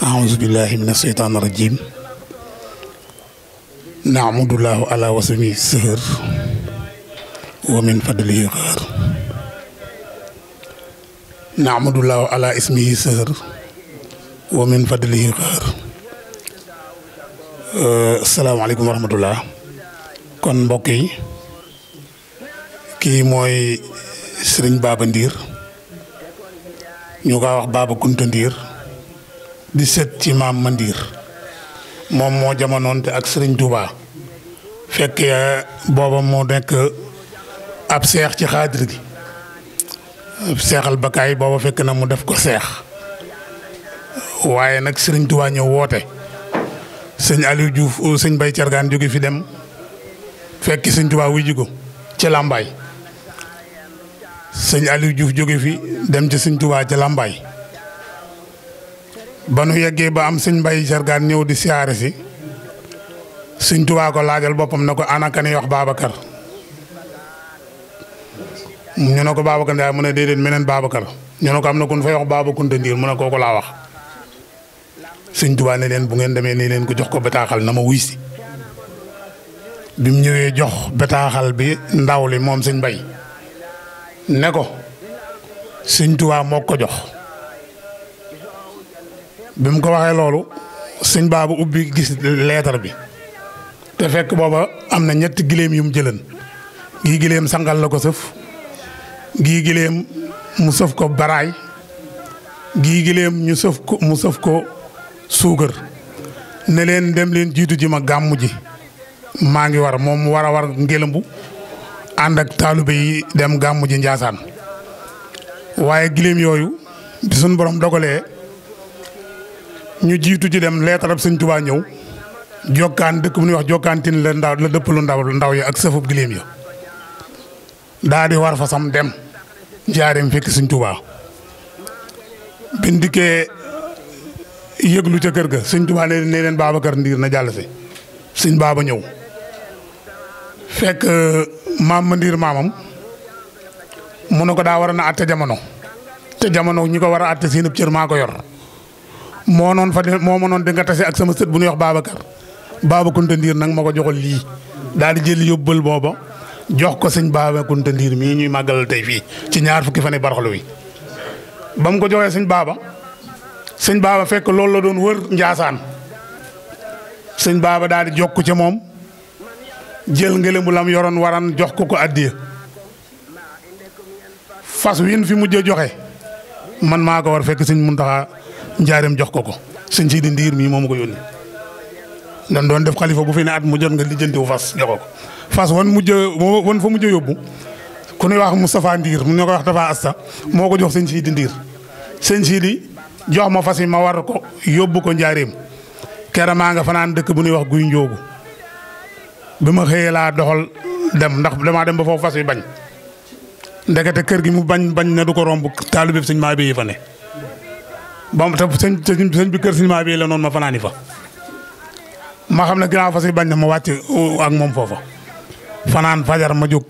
ahousubillahi min asheytaan irajim nahmadullahu ala wasami sëhër wa min fadlihi xëhër nahmadullahu ala ismihi sëhër wa min fadlihi xëhër uh, asalaamaaleykum wa rahmatullah kon mbokk yi kii mooy sëriñ Baba Ndiir ñu ko wax Baba Kunta Ndiir di sët ci maam Mandiir moom moo jamonoonte ak Serigne Touba fekk eh, booba moo nekk ab seex ci xaadir gi seexal bakaay booba fekk na mu def ko seex waaye nag Serigne Touba ñëw woote sëñ Aliou Diouf euh, sëñ Bay Cargaan jóge fi dem fekk sëñ Touba wuy jigo ci Lambaay sëñ Aliou Diouf jóge fi dem ci sëñ Touba ci Lambaay ba nu yeggee ba am sëñ mbay sargaan ñëw di siyaare si sëñ tubaa ko laajal boppam na ko anakani wax Babacar ñu ne ko Babacar Ndiaye mu ne déedéet meneen Babacar ñu ne ko am na kun fay wax Baba Kunta Ndiir mu ne kooku laa wax sëñ tubaa ne leen bu ngeen demee nii leen ko jox ko bataaxal na ma wuy si bi mu ñëwee jox bataaxal bi ndaw li moom sëñ bay ne ko sëñ tubaa mook ko jox bi mu ko waxee loolu sëñ baabu ubbi gis leetar bi te fekk booba am na ñetti giléem yu mu jëlan gii giléem sangal la ko sëf gii giléem mu sëf ko baraay gii giléem ñu sëf ko mu sëf ko suukar ne leen dem leen jiitu ji ma gàmmu ji maa ngi war moom mu war a war ngélambu ànd ak taalibe yi dem gàmmu ji njaasaan waaye giléem yooyu di suñ borom dogalee ñu jiitu ci dem leetarab sëñ Tuubaa ñëw jokkaan dëkk bu ñuy wax jokkaantin la ndaw la dëppalu ndaw ndaw ya ak sëfub giléem ya daa di war fa sam dem jaareem fekk sëñ Tuubaa bin dikkee yëglu ca kër ga sëñ Tuubaa ne ne leen Babacar Ndiir na jàll si sëñ baaba ñëw fekk euh, maam ma Ndiir maamam mu ne ko daa war a na àtte jamono te jamono ñi ko wara a àtte seen cër maa ko yor moo noon fa moo ma di nga tase ak sama sët bu ñuy wax Babacar Baba Kunta Ndiir nag ma ko joxal lii daal di jël yóbbal booba jox ko sëñ Baba Kunta Ndiir mii ñuy màggalal tey fii ci ñaar fukki fan yi baraxlu wi ba mu ko joxee sëñ baaba sëñ Baba fekk loolu la doon wër Njaasaan sëñ Baba daal di ko ca moom jël ngëlëmu lam yoroon waran jox ko ko addiya fas win fi mujj joxe man maa ko war fekk sëñ Muntaxa njaareem jox ko ko sëñ si ndiir mii moom ko yónni dan doon def xalifa bu fi ne at mu jot nga lijjantiwu fas jox ko ko fas wan mujj wan fa mujj yóbbu ku ñuy wax Ndiir mu ñu koy moo ko jox sëñ si ndiir sëñ si jox ma fas yi ma war ko yóbbu ko njaareem kera maa nga fanaan dëkk bu ñuy wax guy njóogu bi ma xëyee laa doxal dem ndax damaa dem ba foofu fas yi bañ ndekete kër gi mu bañ bañ na du ko romb taalibe bi sëñ maa bi yi fa ba mu tëb sëñ sëñ bi kër sëñ maa bii la noonu ma fanaani fa ma xam ne ginnaaw fas yi bañ na ma wàcc uh, ak moom foofa fanaan fajar ma jóg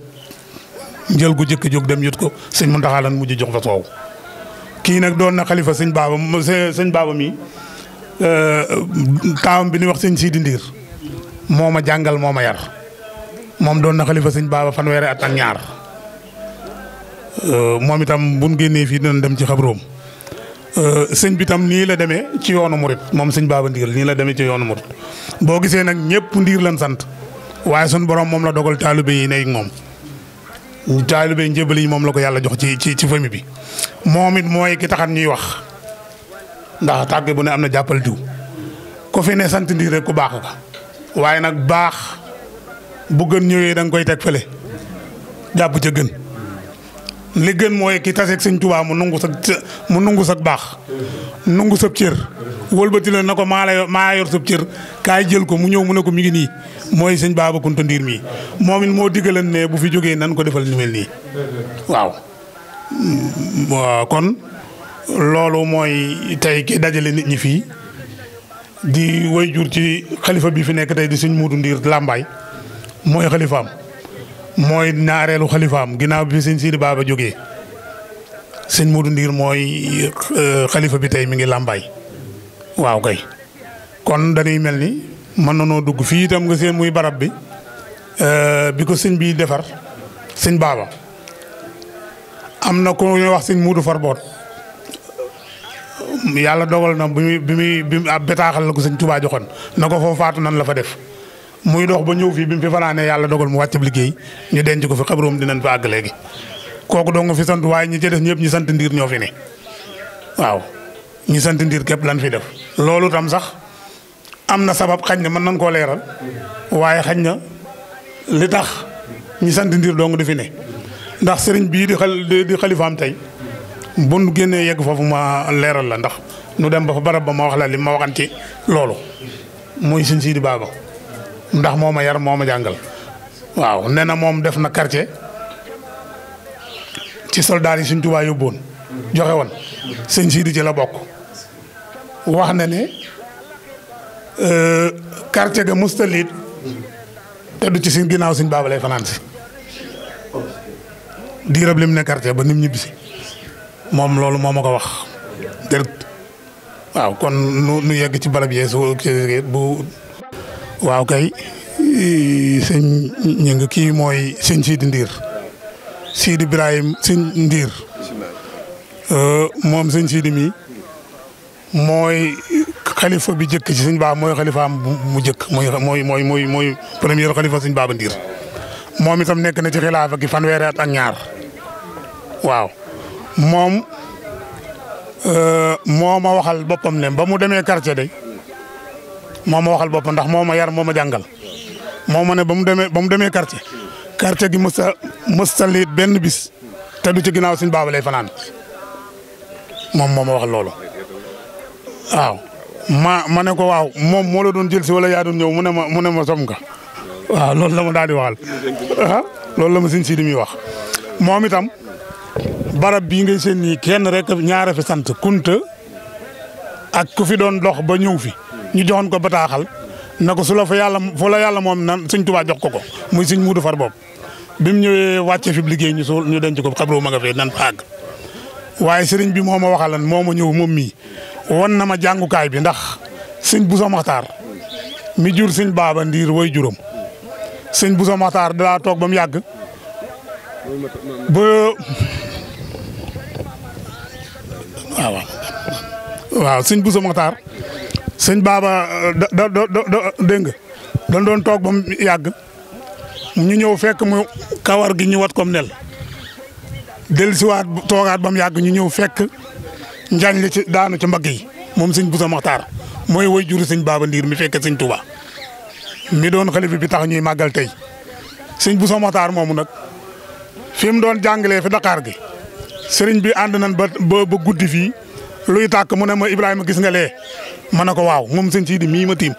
njël gu jëkk jóg dem yut ko sëñ Muntaxa lan mujj jox fa soow kii nag doon na xalifa sëñ baaba sëñ baaba mi uh, taawam bi ni wax sëñ Sidi Ndiir moo jàngal moo ma yar moom doon na xalifa siñ baaba fanweeri at ak ñaar uh, moom itam bu ñu génnee fii dinañ dem ci xabroom Euh, sëñ bi tam nii la demee ci yoonu mu murit moom sëñ baaba ndigal nii la demee ci yoonu murit boo gisee nag ñëpp ndiir lan sant waaye sun borom moom la dogal taalibe yi nekk moom taalibe njëbal yi moom la ko yàlla jox ci ci ci famille bi moom it mooy ki taxan ñuy wax ndax tàgge bu ne am na jàppal diw ko fi ne sant ndiir rek ku baax ka waaye nag baax bu gën ñëwee da koy teg fële jàpp ca gën li gën mooy ki taseeg suñ Tuubaa mu nungu sa mu nungu sa baax nungu sab cër wëlbati la na ko maa la maa yor sab cër kaay jël ko mu ñëw mu ne ko mi ngi nii mooy sëñ Baaba Kunta Ndiir mii moom it moo diggalan ne bu fi jógee nan ko defal ni mel nii waaw mm, kon loolu mooy tey ki dajale nit ñi fii di way jur ci xalifa bi fi nekk tey di suñ Muudu Ndiir Làmbaay mooy xalifaam mooy ñaareelu xalifaam ginnaaw bi sëñ Sidi Baba jógee sëñ Modou ndiir mooy euh, xalifa bi tey mi ngi làmbaay waaw kay kon dañuy mel ni mën na noo dugg fii tam nga seen muy barab bi euh, bi ko sëñ bi defar sëñ Baba am na ku ñuy wax sëñ Modou Farboot yàlla dogal na bi muy bi muy ab betaaxal la ko sëñ Touba joxoon na ko foofu faatu nan la fa def. muy dox ba ñëw fii bi mu fi fanaanee yàlla dogal mu wàccab liggéey ñu denc ko fi xabroom dinañ fa àgg léegi kooku dong fi sant waaye ñu ci def ñëpp ñi sant ndiir ñoo fi ne sant ndiir képp lan fi def. loolu tam sax am na sabab xañ na mën nañ koo leeral waaye xañ na li tax ñi sant ndiir dong di fi ne ndax sëriñ bii di di xalifaam tey bu nu génnee yegg foofu ma leeral la ndax nu dem ba fa barab ba ma wax la li ma waxan ci loolu muy suñ sii di baaba ndax moo ma yar moo ma jàngal waaw nee na moom def na quartier ci soldaar yi suñ Tuubaa yóbbuwoon joxe woon sëñ Sidi ci la bokk wax ne ni euh, quartier ga mustaliit te du ci suñ ginnaaw siñ baaba lay fanaan si diirab lim ne quartier ba nim ñibbisi moom loolu moo ma ko wax dërët waaw kon nu nu yegg ci barab yeesu bu waaw kay eh, sëñ ñu ngi kii mooy sëñ Sidi Ndiir Sidi Ibrahim sëñ Ndiir eh, moom sëñ Sidi mi mooy xalifa bi jëkk ci sëñ Baa mooy xalifaam mu jëkk mooy mooy mooy premier xalifa sëñ Baaba Ndiir moom itam nekk na ci xilaafa gi fanweeri at ak ñaar waaw moom eh, moo ma waxal boppam ne ba mu demee quartier de moo ma waxal boppam ndax moo ma yar moo ma jàngal moo ma ne ba mu demee ba mu demee quartier quartier gi mës a mës a liit benn bis te du ci ginnaaw suñ baaba lay fanaan moom moo ma waxal loolu waaw ma ma ne ko waaw moom moo la doon jël si wala yaa doon ñëw mu ne ma mu ne ma som nga waaw loolu la ma daal di waxal loolu la ma si di muy wax moom itam barab bii ngay seen nii kenn rek ñaare fi sant kunt ak ku fi doon dox ba ñëw fi ñu joxoon ko bataaxal na ko su la fa yàlla fu la yàlla moom nan sëñ Tuubaa jox ko ko muy sëñ Muudu Far boobu bi mu ñëwee wàcce fi liggéey ñi suul ñu denc ko xabru ma nga fee nan fa àgg waaye sëriñ bi moo ma waxalan moo ma ñëw moom mii won na ma jàngukaay bi ndax sëñ Buso Maxtaar mi jur siñ Baaba Ndiir way juróom sëñ Buso Maxtaar daa toog ba mu yàgg ba waaw waaw sëñ Buso Maxtaar sëñ baaba euh, da da dégg nga dañ doon toog ba mu yàgg ñu ñëw fekk mu kawar gi ñu wat comme nel dellusiwaat toogaat ba mu yàgg ñu ñëw fekk njaañ ci daanu ci mbagg yi moom sëñ Bousso Mokhtar mooy woy juru sëñ baaba ndiir mi fekk sëñ Touba mi doon xalifa bi tax ñuy màggal tey sëñ Bousso Mokhtar moomu nag fi mu doon jàngalee fi Dakar gi sëriñ bi ànd nañ ba ba guddi fii luy tàkk mu ne ma Ibrahima gis nga lee ma ne ko waaw moom sëñ Sidi mii ma tiim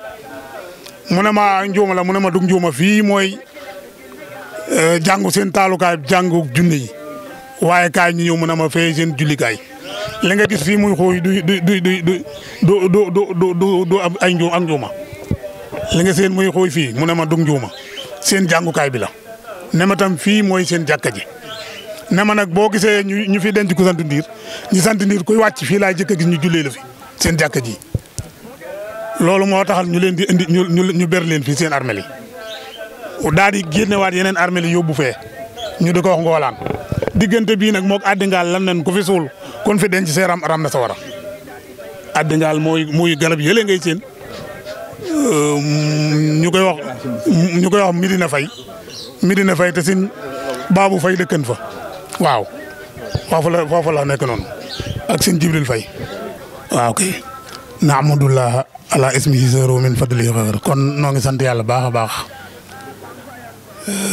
mu ne ma njuuma la mu na ma dug njuuma fii mooy jàngu seen taalukaay jàngu junne yi waaye kaay ñu ñëw mu ne ma fee seen jullikaay li nga gis fii muy xuuy du du du du du du du du ay li nga seen muy fii mu ne ma dug njuuma seen jàngukaay bi la ne ma tam fii mooy seen jàkka ji ne ma nag boo gisee ñu ñu fi denc ku sant ndiir ñu sant ndiir kuy wàcc fii laay jëkk a gis ñu jullee la fi seen jàkka ji loolu moo taxal ñu leen di indi ñu ñu ber leen fii seen armel yi daal di génnewaat yeneen armel yi yóbbu fee ñu di ko wax ngoolaan diggante bii nag moog àddingaal lan nen ku fi suul kon fi denc see ram ram na sa war a àddingaal mooy muy garab yële ngay seen euh, ñu koy wax ñu koy wax Medina Faye Medina Faye te sin Babou Faye dëkkan fa waaw foofu la foofu la nekk noonu ak seen Jibril Faye waaw nahmadullaha ala ismihi sero min fadlihi xayr kon noo sant yàlla baax a baax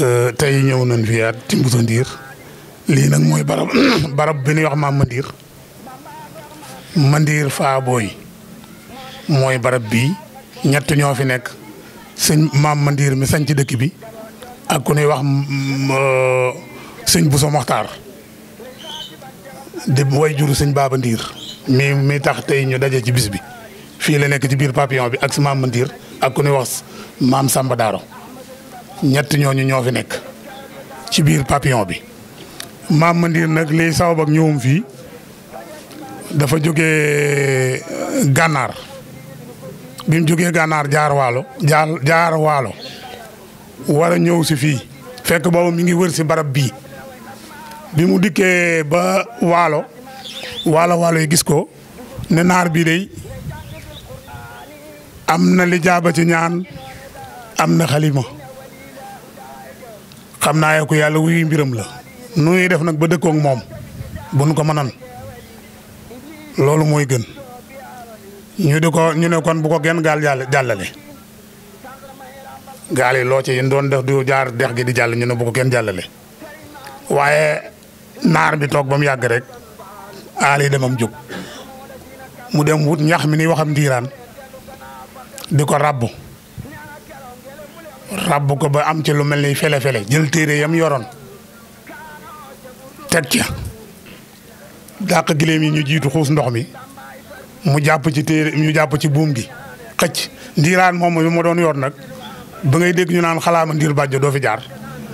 euh, tey ñëw nañ fiyaat ci Mbuso Ndiir lii nag mooy barab barab bi ñuy wax maam Mandiir Mandiir Faabooy mooy barab bi ñett ñoo fi nekk sëñ maam Mandiir mi sañ ci dëkk bi ak ku ñuy wax mm, mm, euh, sëñ Bousso Moxtaar di way juru sëñ Baaba Ndiir mi mi tax tey ñu daje ci bis bi fii la nekk ci biir papillon bi ak si maam Mandir ak ku ñuy wax maam Samba Daaro ñett ñooñu ñoo fi nekk ci biir papillon bi. maam Mandir nag liy sabab ak fii dafa jógee euh, gànnaar mu jógee gànnaar jaar waalo jaar waalo war a ñëw si fii fekk boobu mi ngi wër si barab bii bi mu dikkee ba waalo waalo waalo yi ko ne naar bii day am na li jaaba ci ñaan am na xalima xam naa ko yàlla wuyu mbiram la nu ñuy def nag ba dëkkoog moom bu ko ko mënan loolu mooy gën ñu di ko ñu ne kon bu ko genn gaal jàll jàllale gaal loo ci yéen doon def du jaar dex gi di jàll ñu ne bu ko kenn jàllale waaye naar bi toog ba mu yàgg rek aal yi demam jóg mu dem wut ñax mi ni waxam ndiiraan di ko ràbbu ràbbu ko ba am ci lu mel ni fele-fele jël téere yam yoroon teg ca dàq giléem yi ñu jiitu xuus ndox mi mu jàpp ci téere ñu jàpp ci buum gi xëcc ndiiraan moomu bi ma doon yor nag ba ngay dégg ñu naan xalaa ma ndiir bàjjo doo fi jaar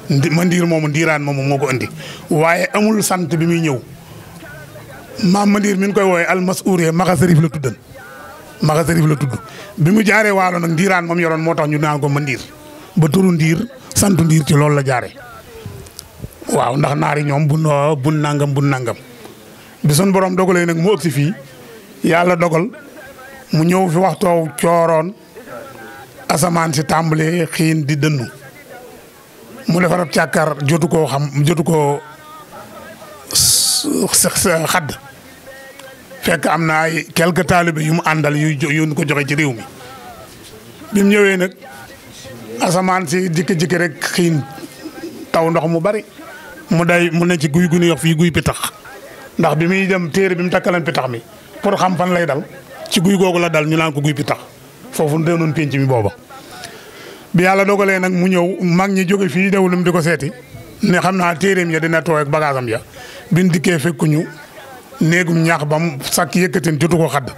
ma ndiir moomu ndiiraan moomu moo ko indi waaye amul sant bi muy ñëw maam ma ndiir mi koy wooye almas uure maxa sarif la tuddan maxa sërif la tudd bi mu jaaree waalo nag ndiiraan moom yoroon moo tax ñu naan ko ma ndiir ba turu ndiir santu ndiir ci loolu la jaare waaw ndax naari ñoom bu bu nangam bu nangam bi sun borom dogalee nag mu ëgsi fii yàlla dogal mu ñëw fi waxtoow cooroon asamaan si tàmbalee xiin di dënnu mu defarab càkkar jotu koo xam jotu koo xadd fekk am na ay quelques taalibe yu mu àndal yu yu ko joxe ci réew mi bi mu ñëwee nag asamaan si jikki-jikki rek xiin taw ndox mu bari mu day mu ne ci guy gu ñuy wax fii guy pitax ndax bi muy dem téere bi mu takkalan pitax mi pour xam fan lay dal ci guy googu la dal ñu naan ko guy pitax foofu doonoon pénc mi booba. bi yàlla dogalee nag mu ñëw mag ñi jóge fii dewulum di ko seeti ne xam naa téereem ya dina tooy ak bagaasam ya bin dikkee fekkuñu néegum ñax ba mu sàkk yëkkatin jotu ko xadd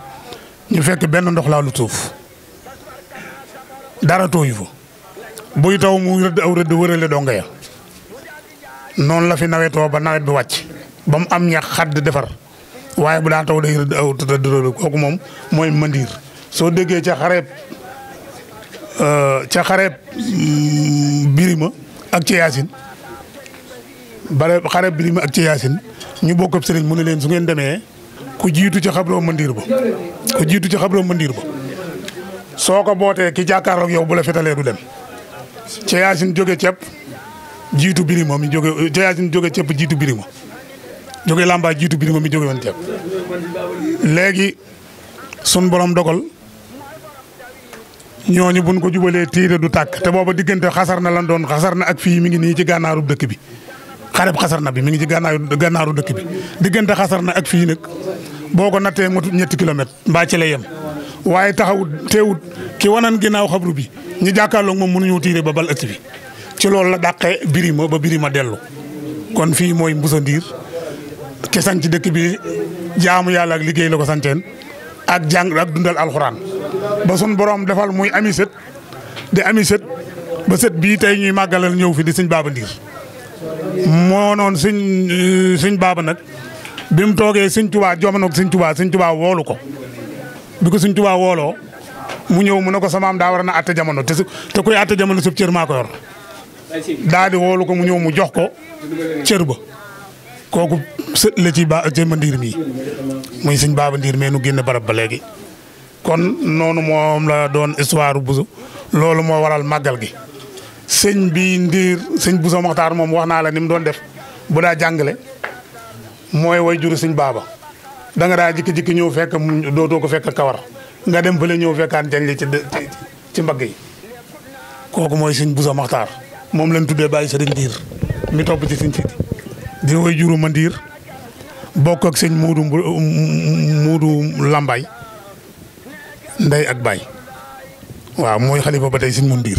ñu fekk benn ndox laa lu suuf dara tooyu fa buy taw mu rëdd aw rëdd wërale donga ya noonu la fi nawetoo ba nawet bi wàcc ba mu am ñax xadd defar waaye bu daa taw day rëdd aw rëdd rëdd kooku moom mooy mëndiir soo déggee ca xareeb euh, ca xareeb mm, birima ak ci yaasin bare xareeb birima ak ci yaasin ñu bokk ab sëriñ mu ne leen su ngeen demee ku jiitu ci xabroo mandiir ba ku jiitu ci xabroo mandiir ba soo ko bootee ki jàkkaarloog yow bu la fetalee du dem ca yaasin jóge ceeb jiitu birima mi jóge ca yaasin jóge ceeb jiitu birima jóge làmbaay jiitu birima mi jóge woon ceeb léegi sun borom dogal ñooñu bun ko jubalee tiire du tàkk te boobu diggante xasar na lan doon xasar na ak fii mi ngi nii ci gànnaarub dëkk bi xareb na bi mi ngi ci gànnaaru gànnaaru dëkk bi diggante na ak fii nag boo ko nattee matut ñetti kilomètre mbaa ci la yem waaye taxawut teewut ki wanan ginnaaw xabru bi ñu jàkkaarloog moom mënuñu tiire ba bal ëtt bi ci loolu la dàqee birima ba ma dellu kon fii mooy Mbousso Ndir ki sanc dëkk bi jaamu yàlla ak liggéey la ko santeen ak jàng ak dundal alxuraan ba sun borom defal muy ami sët di ami sët ba sët bii tey ñuy màggalal ñëw fi di sëñ Baba Ndir moo noonu suñ euh, suñ baaba nag bi mu toogee suñ tubaa jamonoog suñ tubaa suñ tubaa woolu ko bi ko suñ tubaa wooloo mu ñëw mu ne ko samaam daa war na atte jamono te su te kuy atte jamono sub cër maa ko yor daa di woolu ko mu ñëw mu jox ko cër ba kooku sët la ci ba jëmba ndiir mii muy suñ baaba ndiir mee nu génn barab ba léegi kon noonu moom la doon histoire busu loolu moo waral màggal gi sëñ bi ndiir sëñ Bousso Maxtaar moom wax naa la ni mu doon def bu daa jàngale mooy way juru sëñ baaba da nga daa jikki-jikki ñëw fekk mu dootoo ko fekk kawar nga dem fële ñëw fekkaan jañ li ci ci mbagg yi kooku mooy sëñ Bousso Maxtaar moom lañ tuddee bàyyi sëriñ ndiir mi topp ci sëñ siidi di way juru ma ndiir bokk ak sëñ Moodu Moodu Lambaay ndey ak baay waaw mooy xalifa ba tey sëñ mu ndiir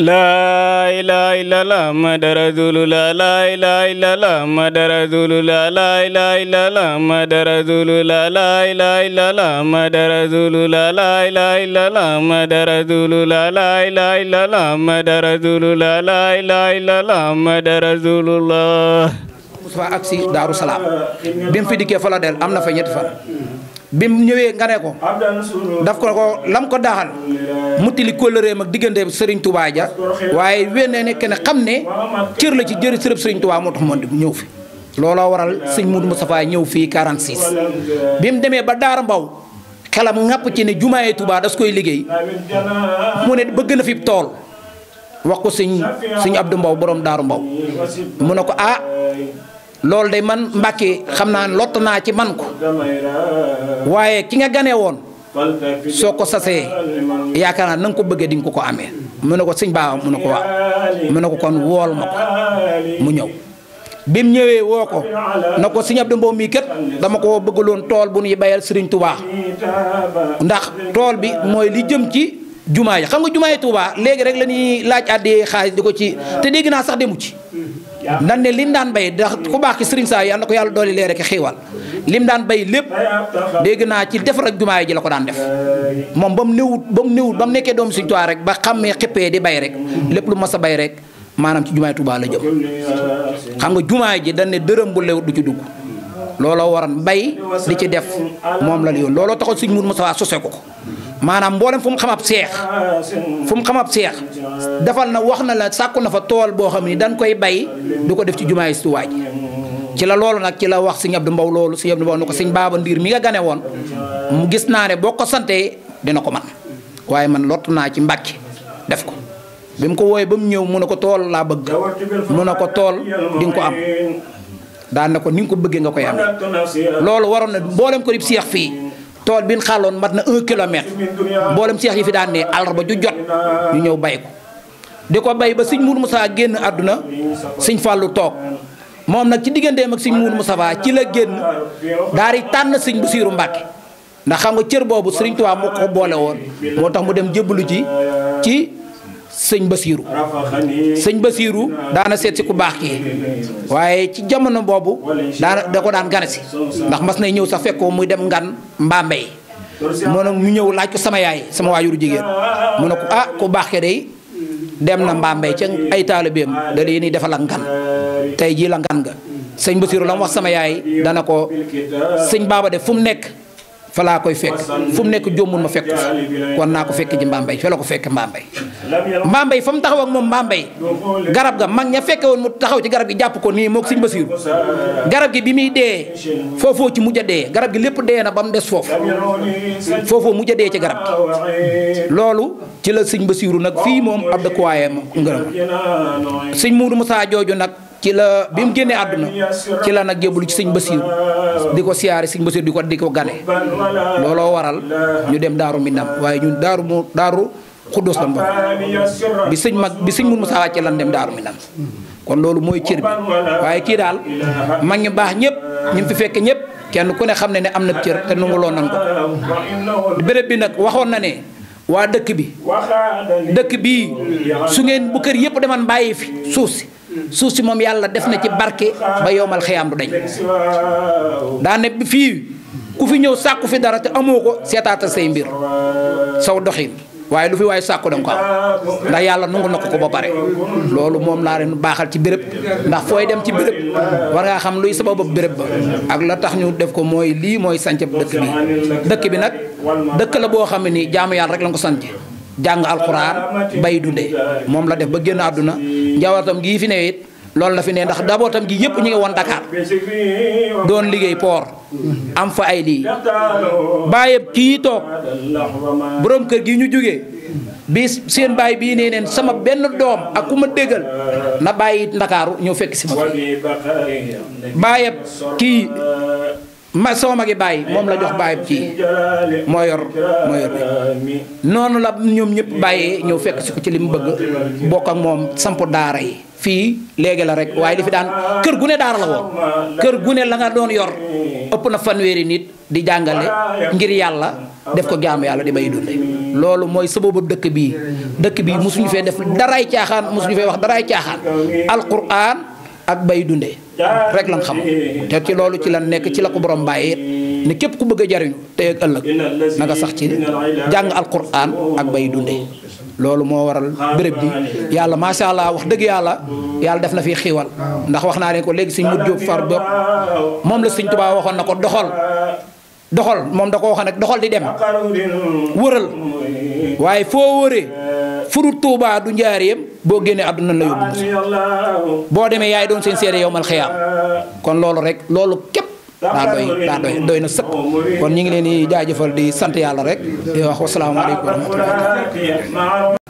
لا إله إلا الله محمد رسول الله لا إله إلا الله محمد رسول الله لا إله إلا الله محمد رسول الله لا إله إلا الله محمد رسول الله لا إله إلا الله محمد رسول الله لا إله إلا الله محمد رسول الله لا إله إلا الله محمد رسول الله Mustafa agsi Daaru Salaam bi mu fi dikkee fa la del am na fa ñetti fan bi mu ñëwee nga ne ko daf ko ko lam ko daaxal mu tili kóllëreem ak diggante sëriñ tubaa ja waaye wénnee ne kenn xam ne cër la ci jëri sërëb sëriñ Touba moo tax moom di ñëw fi looloo waral sëñ mu Moustapha ñëw fii 46 bi mu demee ba Daara Mbaw xelam ŋàpp ci ne jumaaye tubaa das koy liggéey mu ne bëgg na fi tool wax ko sëñ sëñ Abdou Mbaw borom Daaru Mbaw mu ne ko ah loolu de man Mbàkke xam naa lott naa ci man ko waaye ki nga ganee woon soo ko sasee yaakaar naa na ko bëggee di nga ko ko amee mu ne ko sëñ baa mu ne ko waaw mu ne ko kon wool ma ko mu ñëw bi mu ñëwee woo ko na ko sëñ Abdou Mbow mii kat dama ko bëggaloon tool bu ñuy bayal sëriñ Touba ndax tool bi mooy li jëm ci jumaa yi xam nga jumaa yi Touba léegi rek la ñuy laaj àddee xaalis di ko ci te dégg naa sax demu ci ndax ne lim daan bay ndax ku baax ki sëriñ saa yal na ko yàlla dooli leer ak xiiwal lim daan bay lépp dégg naa ci defar ak jumaa ji la ko daan def moom ba mu néewut ba mu néewut ba mu nekkee doomu Sëriñ Tuubaa rek ba xammee xippee di bay rek lépp lu mas a bay rek maanaam ci jumaay Tuubaa la jëm xam nga jumaa ji dañ dërëm bu lewut du ci dugg looloo waran bay di ci def moom la yoon looloo taxoon sëñ Mourou Moustapha sose ko ko maanaam mboolem fu mu xam seex fu mu xam ab seex defal na wax na la sàkku na fa tool boo xam ni dañ koy bay du ko def ci jumaay Tuubaa ji ci la loolu nag ci la wax sëñ Abdou Mbow loolu sëñ Abdou Mbow ni ko sëñ Baaba Ndiir mi nga gane woon mu gis naa ne boo ko santee dina ko man waaye man lott naa ci Mbàkke def ko bi mu ko wooyee ba mu ñëw mun ne ko tool laa bëgg mu ne ko tool di ko am daan na ko ni nga ko bëggee nga koy am loolu waroon na mboolem ko di seex fii tool bi xaloon mat na un kilomètre mboolem seex yi fi daan ne àllarba ju jot ñu ñëw bay ko di ko bay ba sëñ mu Moussa génn àdduna sëñ Fallou toog moom nag ci digganteem ak sëñ mu Moussa ci la génn daal di tànn sëñ siiru Mbacké ndax xam nga cër boobu sëriñ Tuubaa moo ko boole woon moo tax mu dem jébbalu ji ci. sëñ Basiiru sëñ Basiiru daana seet si ku baax kii waaye ci jamono boobu daana da ko daan gane si ndax mas nay ñëw sax fekkoo muy dem ngan Mbambey moo na mu ñëw laaj ko sama yaay sama waajuru jigéen mu na ko ah ku baax ke day dem na Mbambey ca ay taalibeem da leen defal ak ngan tey jii la ngan nga sëñ Basiiru la wax sama yaay dana ko sëñ baaba de fu nekk fa koy fekk fu mu nekk jombul ma fekk kon naa ko fekk ji Mbambey fa la ko fekk Mbambey Mbambey fa mu taxaw ak moom Mbambey garab ga mag ña fekke woon mu taxaw ci garab gi jàpp ko nii moog Sëñ Basiru garab gi bi muy dee foofoo ci mujj a dee garab gi lépp dee na ba mu des foofu foofoo mujj a dee ci garab gi loolu ci la Sëñ Basiru nag fii moom ab dëkkuwaayam ngërëm Sëñ Muudu Musaa jooju nag ci la bi mu génnee àdduna ci la nag jébbalu ci sëñ Basiiru di ko siyaare sëñ Basiiru di ko di ko gane looloo waral ñu dem daaru Minam waaye ñu daaru mu daaru xuddoos lan ba bi sëñ mag bi sëñ mun Musaa wàcce lan dem daaru Minam kon loolu mooy cër bi waaye kii daal mag ñu baax ñépp ñu fi fekk ñëpp kenn ku ne xam ne ne am na cër te nanguloo nan ko béréb bi nag waxoon na ne waa dëkk bi dëkk bii su ngeen bu kër yëpp deman bàyyi fi suuf si suuf si moom yàlla def na ci barke ba yowmal xiyaam du dañ daane ne fii ku fi ñëw sàkku fi dara te amoo ko seetaatal say mbir saw doxin waaye lu fi waaye sàkku danga ko am ndax yàlla nangu na ko ba pare loolu moom laa leen baaxal ci bërëb ndax fooy dem ci béréb war ngaa xam luy sababu bërëb ba ak la tax ñu def ko mooy lii mooy sanc dëkk bi dëkk bi nag dëkk la boo xam ne nii jaamu yàlla rek la ko sanc jàng alxuraan bay dundee moom la def ba génn àdduna njabootam gi fi ne it loolu la fi ne ndax dabootam gi yëpp ñu ngi woon Dakar doon liggéey port am fa ay lii bàyyeb kii toog borom kër gi ñu jóge bi seen baay bii ne neen sama benn doom ak ku ma déggal na bàyyi ndakaaru ñëw fekk si ma bàyyeb kii ma soo magi bàyyi moom la jox bàyyi ci moo yor moo yor bi noonu la ñoom ñëpp bàyyee ñëw fekk si ko ci li mu bëgg bokk ak moom samp daara yi fii léegi la rek waaye li fi daan kër gu ne daara la woon kër gu ne la nga doon yor ëpp na fanweeri nit di jàngale ngir yàlla def ko jaamu yàlla di bay dunde loolu mooy sababu dëkk bii dëkk bii mosuñu fee def daraay caaxaan mosuñu fee wax daraay caaxaan alquran ak bay dunde rek lan xam te ci loolu ci lan nekk ci la ko borom bàyyi ne képp ku bëgg a jariñu tey ak ëllëg na nga sax ci jàng alquran ak bay dunde loolu moo waral béréb bi yàlla macha allah wax dëgg yàlla yàlla def na fi xiiwal ndax wax naa leen ko léegi suñ mut jóob far bopp moom la suñ tubaab waxoon na ko doxal doxal moom da ko waxoon rek doxal di dem wëral waaye foo wëree fu dul tuubaa du njaareem boo génnee àdduna la yóbbu boo demee yaay doon seen seede yow mal xiyaam kon loolu rek loolu képp daa doy daa doy doy na sëpp kon ñu ngi leen di jaajëfal di sant yàlla rek di wax wasalaamaaleykum wa rahmatulah